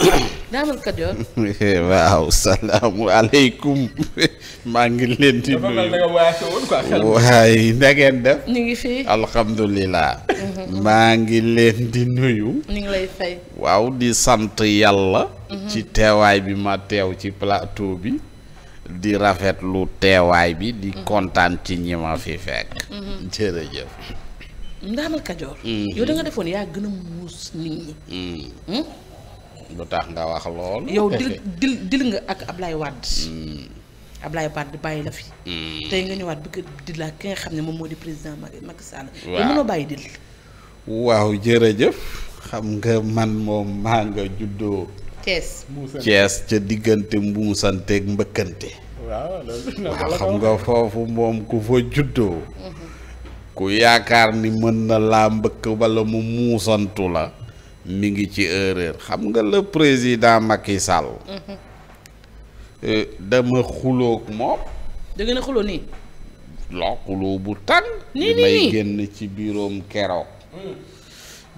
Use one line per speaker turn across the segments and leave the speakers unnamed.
Daamal Kajoor.
Eh, waaw mhm. maa ngi leen di nuyu. waaye na def. ñu fi. alhamdulilah. maa ngi leen di nuyu.
ngi lay fay.
waaw di sant yàlla. Mhm. ci teewaay bi ma teew ci plateau bi. di rafet lu teewaay bi di mhm. kontaan ci ñi ma fi fekk. jërëjëf.
Daamal Kajoor. yow da defoon yaa gën a muus nit ñi. Hmm?
lu tax nga wax lool. yow dil
dil dil nga ak Ablaye Wade. Hmm. Ablaye Wade bàyyi la fi. Hmm. tey nga ñëwaat bëgg di la ki nga xam ne moom moo di président Macky Sall. waaw mënoo
xam nga man moom maa nga juddoo.
Thiès Thiès
ca diggante mbuusanteeg mbëkkante.
waaw xam nga
foofu moom ku fa juddoo. Mhm. ku yaakaar ni mën na laa mbëkk walla mu muusantu la. mi ngi ci erreur xam nga le président Macky mhm. eh, dama xuloog moom. da ngeen a xuloo bu tàng. nii génn ci biiroom keroog. Mm.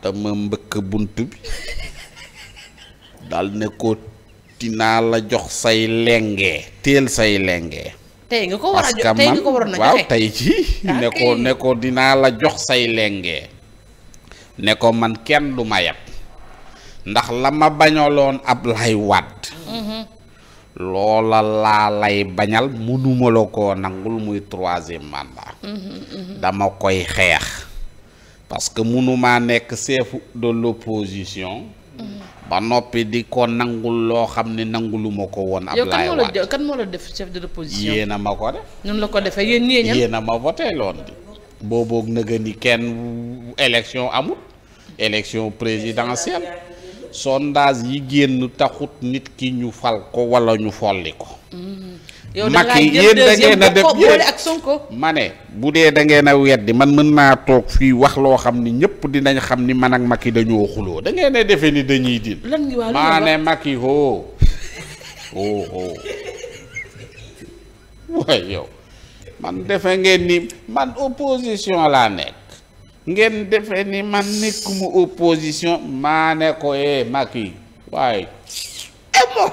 dama mbëkk bunt bi dal ne ko dinaa la jox say lenge teel say lenge.
tey nga jox tey waaw tey
ci ne ko ne ko dinaa la jox say lenge. ne ko man kenn du ma ndax la ma bañaloon Ablaye Wade mhm. loola laa lay bañal mënuma la koo nangul muy troisième mandat mhm, mhm. dama koy xeex parce que mënuma nekk chef de l'opposition ba noppi di ko nangul loo xam ne nanguluma ko woon Ablaye Wade
yow la def de l'opposition yéena ma ko def la ko
defee yéen ñeeñal yéena ma voté loon di booboog kenn élection amul élection présidentielle sondage yi génn taxut nit ki ñu fal ko walla ñu folli ko. Mm-hmm. yow da yéen da def ak Sonko ma ne bu dee da ngeen a weddi man mën naa toog fii wax loo xam ni ñëpp dinañ xam ni man ak Macky dañoo xuloo da ngeen defee ni dañuy din maa ne Macky hoo hoo hoo yow man defe ngeen ni man opposition laa nekk. ngeen defee ni man nekkuma opposition maa ne ko eh Macky waaye emo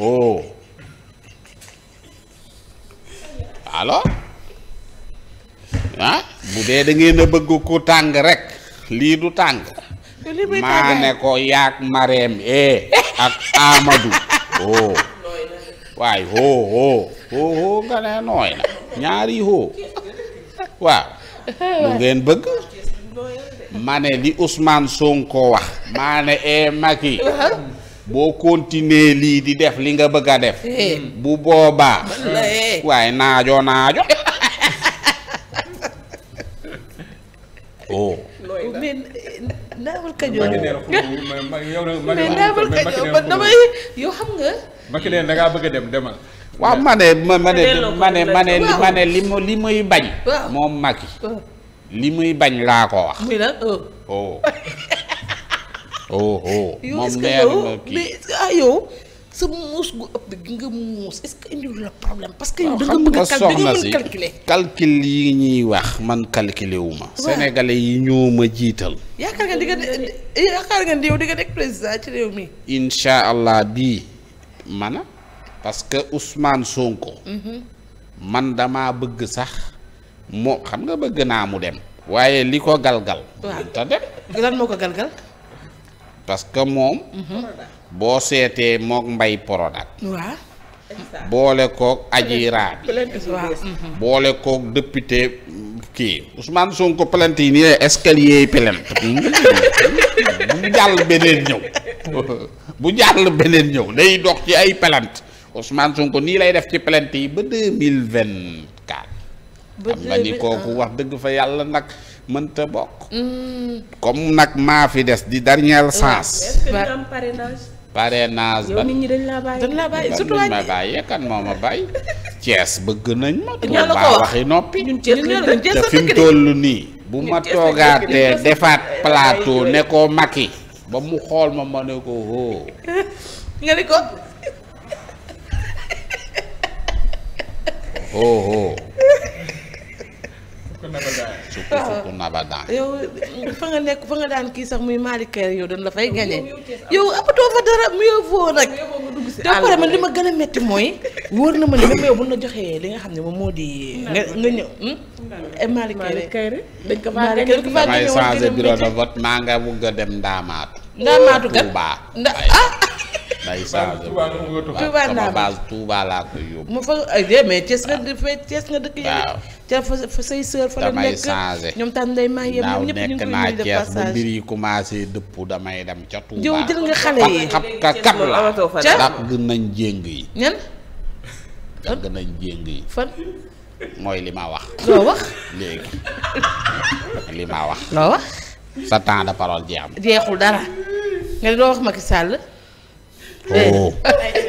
oh alors ah bu dee da ngeen bëgg ko tàng rek lii du tàng maa ne ko yaak Marème eh ak Amadou oh waaye hoo hoo hoo hoo nga ne nooy na ñaari hoo waaw lu ngeen bëgg ma ne li Ousmane Sonko wax mane ne ee eh, Macky boo continuer lii di def li nga bëgg a def bu boobaa waaye naajoo naajo oh
naawal kajoor
mais naawal kajoor ba damay yow xam nga Macky ne dangaa bëgg a dem demal waaw ma ne ma ma li mu li muy bañ. moom Macky. li muy bañ laa ko wax. muy nag oh. oh oh, oh. moom leer na kii mais
est ah, sa muus gu ëpp gi nga muus est que indiwul parce que yow da nga bëgg a
cal yi ñuy wax man calculé wu ma. Sénégalais yi ñoo ma jiital.
yaakaar nga di yow di nga nekk président ci réew mi.
incha allah bii mana parce que Ousmane Sonko. Mhm. man damaa bëgg sax moo xam nga bëgg naa mu dem. waaye li ko galgal. waaw ta que moom. Mhm. boo seetee mook mbay Prodac. waaw. boole koog aji raabi. boole koog député kii Ousmane Sonko plainte yi nii la escalier yi mm-hmm. bu jàll beneen ñëw. bu jàll beneen ñëw day dox ci ay plainte. Ousmane Sonko nii lay def ci plainte yi ba deux ni kooku ah. wax dëgg fa yàlla nag mënta bokk.
Hmm.
comme nag maa fi des di dernière ah. chance. parrainage ba nit
ma bàyyi kan
bëgg nañ ma ñoo waxi noppi
te fi
nii bu ma toogaatee defaat plateau ne ko Macky ba mu xool ma ma ne ko hoo oh. oh oh. sukk nabadan
yow fa nga nekk fa nga daan kii sax muy Malikeer yow dañ la fay gañe yow apatoo fa dara mieux vaut nag te pare man li ma gën a metti mooy wóor na ma ne même yow bu na joxee li nga xam ne moom moo di nga nga ñëw hmm? eh, Malikeer dañ ko faa dañ ko faa damay changé bureau de
vote maa nga bugg a dem ndaamaatu ndaamaatu kat day changé Touba yóbbu.
mu fa ay eh, eh, mais Thiès nga dafay Thiès nga dëkk yow. ca fa say sœur fa la nekk ñoom tam day maa yem ñëpp ñu ngi koy de naa Thiès bu mbir
yi dëpp damay dem ca Touba. jëw jël nga xale yi kap ka kap la dàq nañ jéng yi. ñan. dàq nañ jéng yi. fan. mooy li ma wax. loo wax. léegi li ma wax. loo wax. sa temps de parole
jeexul dara nga doo wax Macky Sall. Oh.